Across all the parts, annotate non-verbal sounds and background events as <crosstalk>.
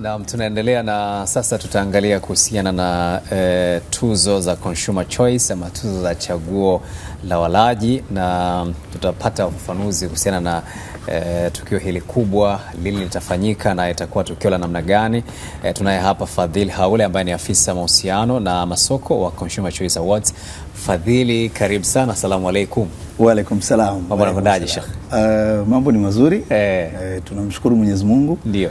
Naam, tunaendelea na sasa tutaangalia kuhusiana na e, tuzo za Consumer Choice ama tuzo za chaguo la walaji, na tutapata ufafanuzi kuhusiana na e, tukio hili kubwa, lini litafanyika na itakuwa tukio la namna gani. E, tunaye hapa Fadhil Haule ambaye ni afisa mahusiano na masoko wa Consumer Choice Awards. Fadhili, karibu sana, asalamu alaikum. Waalaikum salam. Mambo ni mazuri eh. E, tunamshukuru Mwenyezi Mungu ndio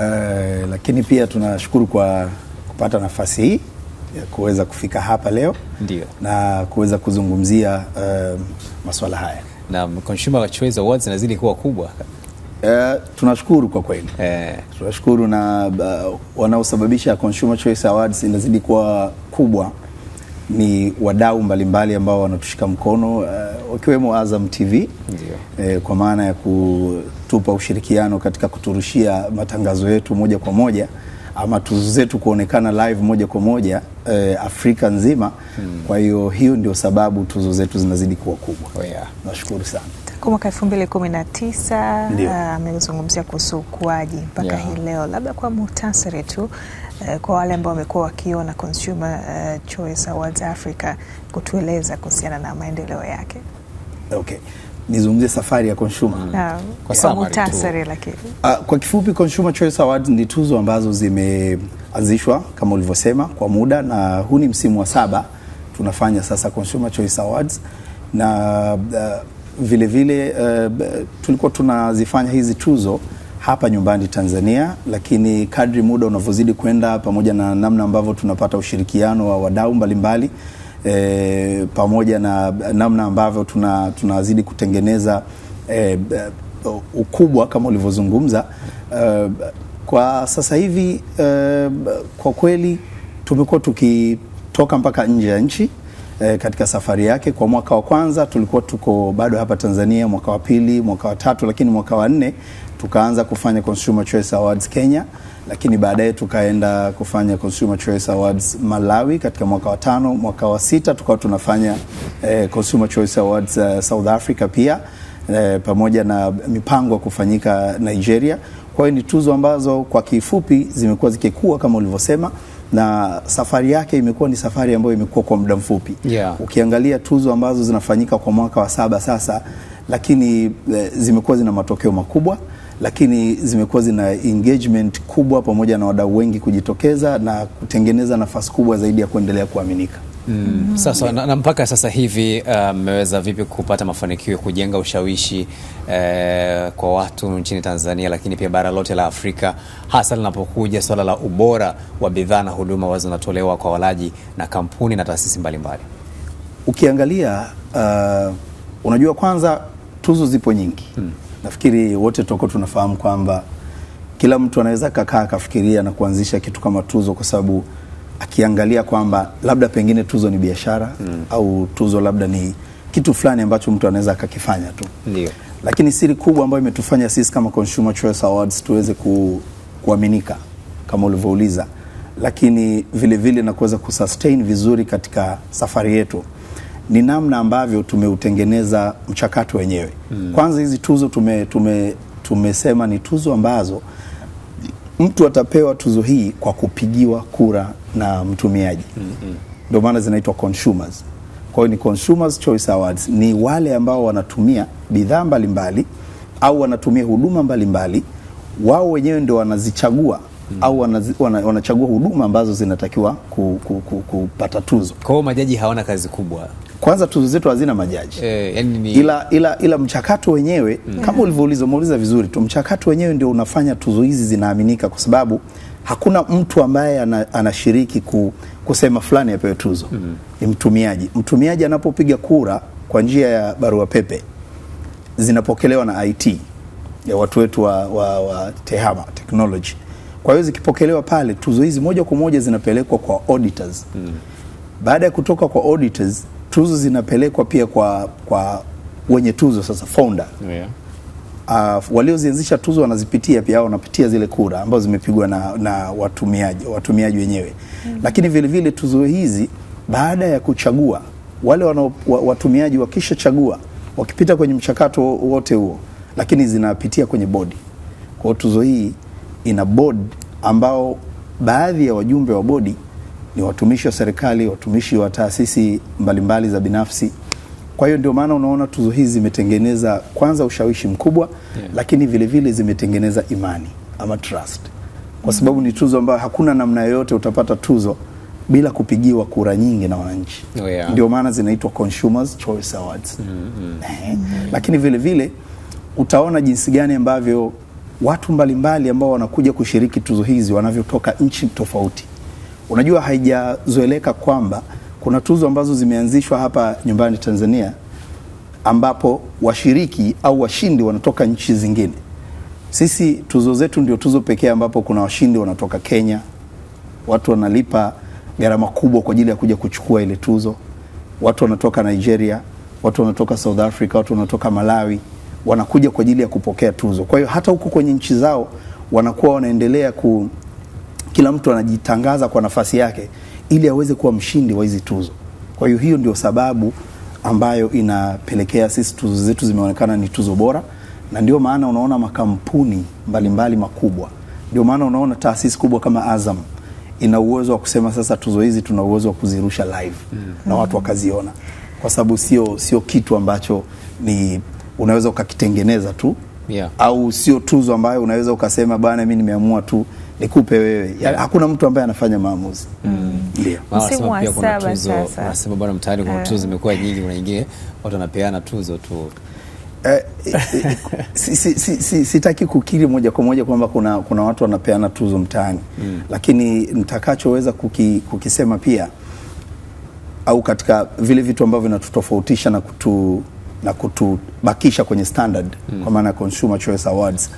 Eh, lakini pia tunashukuru kwa kupata nafasi hii ya kuweza kufika hapa leo ndio, na kuweza kuzungumzia uh, eh, masuala haya na Consumer Choice Awards nazidi kuwa kubwa. Uh, tunashukuru kwa kweli eh. Tunashukuru na uh, wanaosababisha Consumer Choice Awards inazidi kuwa kubwa ni wadau mbalimbali ambao wanatushika mkono uh, wakiwemo Azam TV eh, kwa maana ya ku kutupa ushirikiano katika kuturushia matangazo yetu moja kwa moja ama tuzo zetu kuonekana live moja kwa moja e, Afrika nzima hmm. Kwa hiyo hiyo ndio sababu tuzo zetu zinazidi kuwa kubwa. Oh yeah. Nashukuru sana. Tangu mwaka 2019 ah, amezungumzia kuhusu ukuaji mpaka yeah. Hii leo labda kwa muhtasari tu eh, kwa wale ambao wamekuwa wakiona Consumer eh, Choice Awards Africa kutueleza kuhusiana na maendeleo yake. Okay nizungumzie safari ya consumer mm. kwa muhtasari, uh, kwa kifupi, Consumer Choice Awards ni tuzo ambazo zimeanzishwa kama ulivyosema kwa muda, na huu ni msimu wa saba tunafanya sasa Consumer Choice Awards na uh, vile vile uh, tulikuwa tunazifanya hizi tuzo hapa nyumbani Tanzania, lakini kadri muda unavyozidi kwenda, pamoja na namna ambavyo tunapata ushirikiano wa wadau mbalimbali mbali, e, pamoja na namna ambavyo tuna, tunazidi kutengeneza e, e, ukubwa kama ulivyozungumza e, kwa sasa hivi e, kwa kweli tumekuwa tukitoka mpaka nje ya nchi e, katika safari yake. Kwa mwaka wa kwanza tulikuwa tuko bado hapa Tanzania, mwaka wa pili, mwaka wa tatu, lakini mwaka wa nne tukaanza kufanya Consumer Choice Awards Kenya, lakini baadaye tukaenda kufanya Consumer Choice Awards Malawi katika mwaka wa tano. Mwaka wa sita tukawa tunafanya eh, Consumer Choice Awards uh, South Africa pia eh, pamoja na mipango ya kufanyika Nigeria. Kwa hiyo ni tuzo ambazo kwa kifupi zimekuwa zikikua kama ulivyosema na safari yake imekuwa ni safari ambayo imekuwa kwa muda mfupi yeah. Ukiangalia tuzo ambazo zinafanyika kwa mwaka wa saba sasa, lakini e, zimekuwa zina matokeo makubwa lakini zimekuwa zina engagement kubwa pamoja na wadau wengi kujitokeza na kutengeneza nafasi kubwa zaidi ya kuendelea kuaminika. Mm. Sasa yeah. Na, na mpaka sasa hivi uh, mmeweza uh, vipi kupata mafanikio kujenga ushawishi uh, kwa watu nchini Tanzania lakini pia bara lote la Afrika hasa linapokuja swala la ubora wa bidhaa na huduma ambazo zinatolewa kwa walaji na kampuni na taasisi mbalimbali? Ukiangalia uh, unajua kwanza tuzo zipo nyingi. Mm nafikiri wote tuko tunafahamu kwamba kila mtu anaweza kakaa akafikiria na kuanzisha kitu kama tuzo kwa sababu akiangalia kwamba labda pengine tuzo ni biashara mm. au tuzo labda ni kitu fulani ambacho mtu anaweza akakifanya tu. Ndio. Lakini siri kubwa ambayo imetufanya sisi kama Consumer Choice Awards tuweze ku, kuaminika kama ulivyouliza, lakini vile vile na kuweza kusustain vizuri katika safari yetu ni namna ambavyo tumeutengeneza mchakato wenyewe mm. Kwanza hizi tuzo tume, tume, tumesema ni tuzo ambazo mtu atapewa tuzo hii kwa kupigiwa kura na mtumiaji hmm, hmm. ndio mm -hmm. maana zinaitwa consumers. Kwa hiyo ni Consumers Choice Awards, ni wale ambao wanatumia bidhaa mbalimbali au wanatumia huduma mbalimbali wao wenyewe ndio wanazichagua hmm. au wana, wanachagua huduma ambazo zinatakiwa kupata ku, ku, ku, tuzo. Kwa hiyo majaji hawana kazi kubwa kwanza tuzo zetu hazina majaji e, yani ni... ila, ila, ila mchakato wenyewe mm. kama ulivyouliza umeuliza vizuri tu, mchakato wenyewe ndio unafanya tuzo hizi zinaaminika, kwa sababu hakuna mtu ambaye anashiriki ku, kusema fulani apewe tuzo mm. Ni mtumiaji. Mtumiaji anapopiga kura kwa njia ya barua pepe zinapokelewa na IT ya watu wetu wa, wa, wa tehama technology. Kwa hiyo zikipokelewa pale, tuzo hizi moja kwa moja zinapelekwa kwa auditors mm. Baada ya kutoka kwa auditors tuzo zinapelekwa pia kwa, kwa wenye tuzo sasa founder yeah. Uh, waliozianzisha tuzo wanazipitia pia, wanapitia zile kura ambazo zimepigwa na, na watumiaji watumiaji wenyewe mm -hmm. Lakini vilevile tuzo hizi baada ya kuchagua wale wana, watumiaji wakishachagua wakipita kwenye mchakato wote huo, lakini zinapitia kwenye bodi. Kwa hiyo tuzo hii ina bodi ambao baadhi ya wajumbe wa bodi ni watumishi wa serikali, watumishi wa taasisi mbalimbali za binafsi. Kwa hiyo ndio maana unaona tuzo hizi zimetengeneza kwanza ushawishi mkubwa yeah, lakini vilevile vile zimetengeneza imani ama trust, kwa sababu ni tuzo ambayo hakuna namna yoyote utapata tuzo bila kupigiwa kura nyingi na wananchi. Oh, yeah. Ndio maana zinaitwa Consumers Choice Awards. Mm -hmm. Lakini vilevile vile, utaona jinsi gani ambavyo watu mbalimbali ambao wanakuja kushiriki tuzo hizi wanavyotoka nchi tofauti Unajua, haijazoeleka kwamba kuna tuzo ambazo zimeanzishwa hapa nyumbani Tanzania ambapo washiriki au washindi wanatoka nchi zingine. Sisi tuzo zetu ndio tuzo pekee ambapo kuna washindi wanatoka Kenya, watu wanalipa gharama kubwa kwa ajili ya kuja kuchukua ile tuzo. Watu wanatoka Nigeria, watu wanatoka South Africa, watu wanatoka Malawi wanakuja kwa ajili ya kupokea tuzo. Kwa hiyo hata huko kwenye nchi zao wanakuwa wanaendelea ku kila mtu anajitangaza kwa nafasi yake ili aweze kuwa mshindi wa hizi tuzo. Kwa hiyo hiyo ndio sababu ambayo inapelekea sisi tuzo zetu zimeonekana ni tuzo bora, na ndio maana unaona makampuni mbalimbali mbali makubwa, ndio maana unaona taasisi kubwa kama Azam ina uwezo wa kusema sasa tuzo hizi tuna uwezo wa kuzirusha live mm -hmm. na watu wakaziona, kwa sababu sio sio kitu ambacho ni unaweza ukakitengeneza tu yeah. au sio tuzo ambayo unaweza ukasema bana, mimi nimeamua tu nikupe wewe. Hakuna mtu ambaye anafanya maamuzi mm. yeah. bwana, mtaani kuna eh. tuzo zimekuwa nyingi, kuna nyingine watu wanapeana tuzo tu eh, eh, si, si, si, kukiri moja kwa moja kwamba kuna, kuna watu wanapeana tuzo mtaani mm. Lakini mtakachoweza kuki, kukisema pia au katika vile vitu ambavyo vinatutofautisha na kutu, na kutubakisha kwenye standard mm. kwa maana ya Consumer Choice Awards.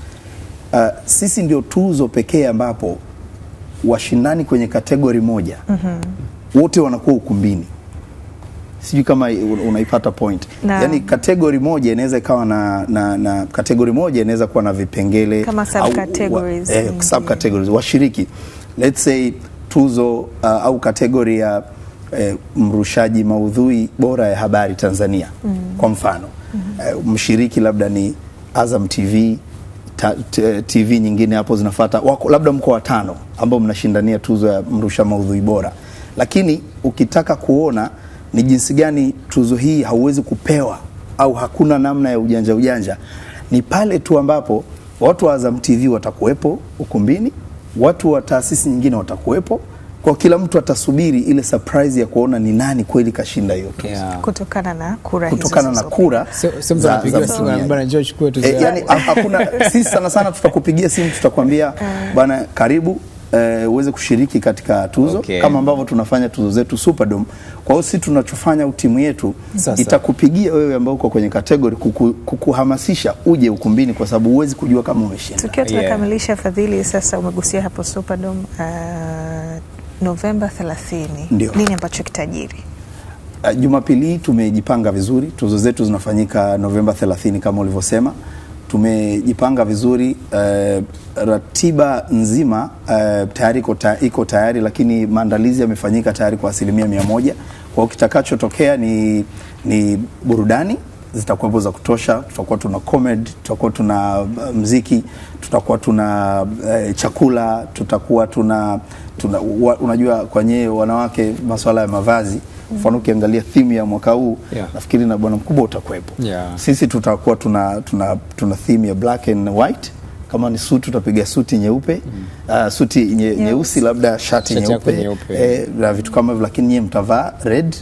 Uh, sisi ndio tuzo pekee ambapo washindani kwenye kategori moja mm -hmm. wote wanakuwa ukumbini. Sijui kama unaipata point na. Yani kategori moja inaweza ikawa na, na, na kategori moja inaweza kuwa na vipengele kama sub categories, wa, eh, sub categories washiriki let's say tuzo uh, au kategori ya eh, mrushaji maudhui bora ya habari Tanzania mm. kwa mfano mm -hmm. eh, mshiriki labda ni Azam TV ta, t, TV nyingine hapo zinafuata, wako labda mko watano ambao mnashindania tuzo ya mrusha maudhui bora, lakini ukitaka kuona ni jinsi gani tuzo hii hauwezi kupewa au hakuna namna ya ujanja ujanja, ni pale tu ambapo watu wa Azam TV watakuwepo ukumbini, watu wa taasisi nyingine watakuwepo kwa kila mtu atasubiri ile surprise ya kuona ni nani kweli kashinda hiyo yeah. Kutokana na kura kutokana na kura yani, hakuna sisi <laughs> sana sana tutakupigia simu tutakwambia <laughs> ah. bwana, karibu eh, uweze uh, kushiriki katika tuzo okay. Kama ambavyo tunafanya tuzo zetu Superdome. Kwa hiyo sisi tunachofanya timu yetu Sasa, itakupigia wewe ambao uko kwenye kategori kuku, kukuhamasisha uje ukumbini kwa sababu huwezi kujua kama umeshinda. Tukiwa tunakamilisha yeah. Fadhili, sasa umegusia hapo Superdome uh, ah, Novemba 30 ndio nini ambacho kitajiri? Uh, Jumapili hii tumejipanga vizuri. Tuzo zetu zinafanyika Novemba 30 kama ulivyosema, tumejipanga vizuri. Uh, ratiba nzima uh, tayari iko tayari, tayari, lakini maandalizi yamefanyika tayari kwa asilimia mia moja. Kwa hiyo kitakachotokea ni, ni burudani zitakuwepo za kutosha. Tutakuwa tuna comedy, tutakuwa tuna uh, mziki, tutakuwa tuna eh, chakula, tutakuwa tuna, tuna wa, unajua kwenye wanawake masuala ya mavazi mfano ukiangalia theme ya mwaka huu yeah. Nafikiri na bwana mkubwa utakuwepo yeah. Sisi tutakuwa tuna, tuna, tuna theme ya black and white kama ni suti tutapiga suti nyeupe mm. Uh, suti nye, nyeusi labda shati nyeupe eh, na vitu kama hivyo, lakini nyie mtavaa red.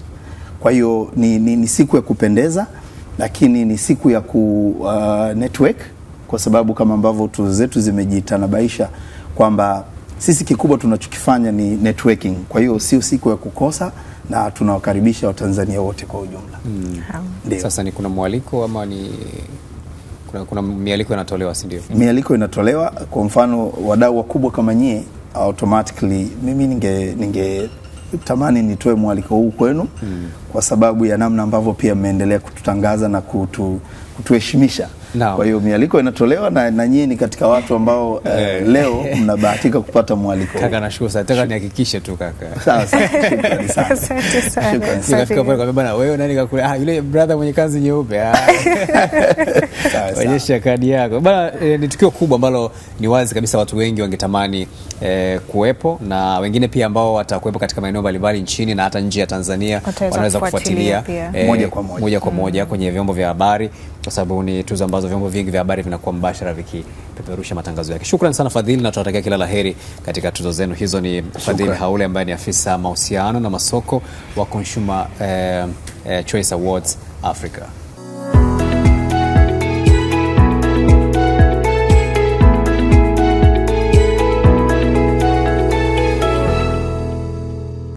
Kwa hiyo ni, ni, ni siku ya kupendeza lakini ni siku ya ku uh, network kwa sababu kama ambavyo tuzo zetu zimejitanabaisha kwamba sisi kikubwa tunachokifanya ni networking. Kwa hiyo sio siku ya kukosa na tunawakaribisha Watanzania wote kwa ujumla. Mm. Sasa ni kuna mwaliko ama ni kuna, kuna mialiko inatolewa si ndio? Mialiko inatolewa kwa mfano wadau wakubwa kama nyie automatically mimi ninge ninge tamani nitoe mwaliko huu kwenu mm. kwa sababu ya namna ambavyo pia mmeendelea kututangaza na kutu, kutuheshimisha No. Kwa hiyo mialiko inatolewa na, na nyinyi ni katika watu ambao uh, leo mnabahatika kupata mwaliko. Kaka nashukuru sana. Nataka nihakikishe tu kaka. Sawa sawa. <laughs> Asante sana. Nikafika pale kwa bwana wewe nani kakule? Ah, yule brother mwenye kanzi nyeupe. Ah. <laughs> Onyesha kadi yako. Bwana eh, ni tukio kubwa ambalo ni wazi kabisa watu wengi wangetamani eh, kuwepo na wengine pia ambao watakuwepo katika maeneo mbalimbali nchini na hata nje ya Tanzania wanaweza kufuatilia eh, moja kwa moja, moja, kwa moja mm. kwenye vyombo vya habari kwa sababu ni tuzo ambazo vyombo vingi vya habari vinakuwa mbashara vikipeperusha matangazo yake. Shukrani sana Fadhili, na tunatakia kila la heri katika tuzo zenu hizo. Ni Fadhili Haule ambaye ni afisa mahusiano na masoko wa Consumer eh, eh, Choice Awards Africa.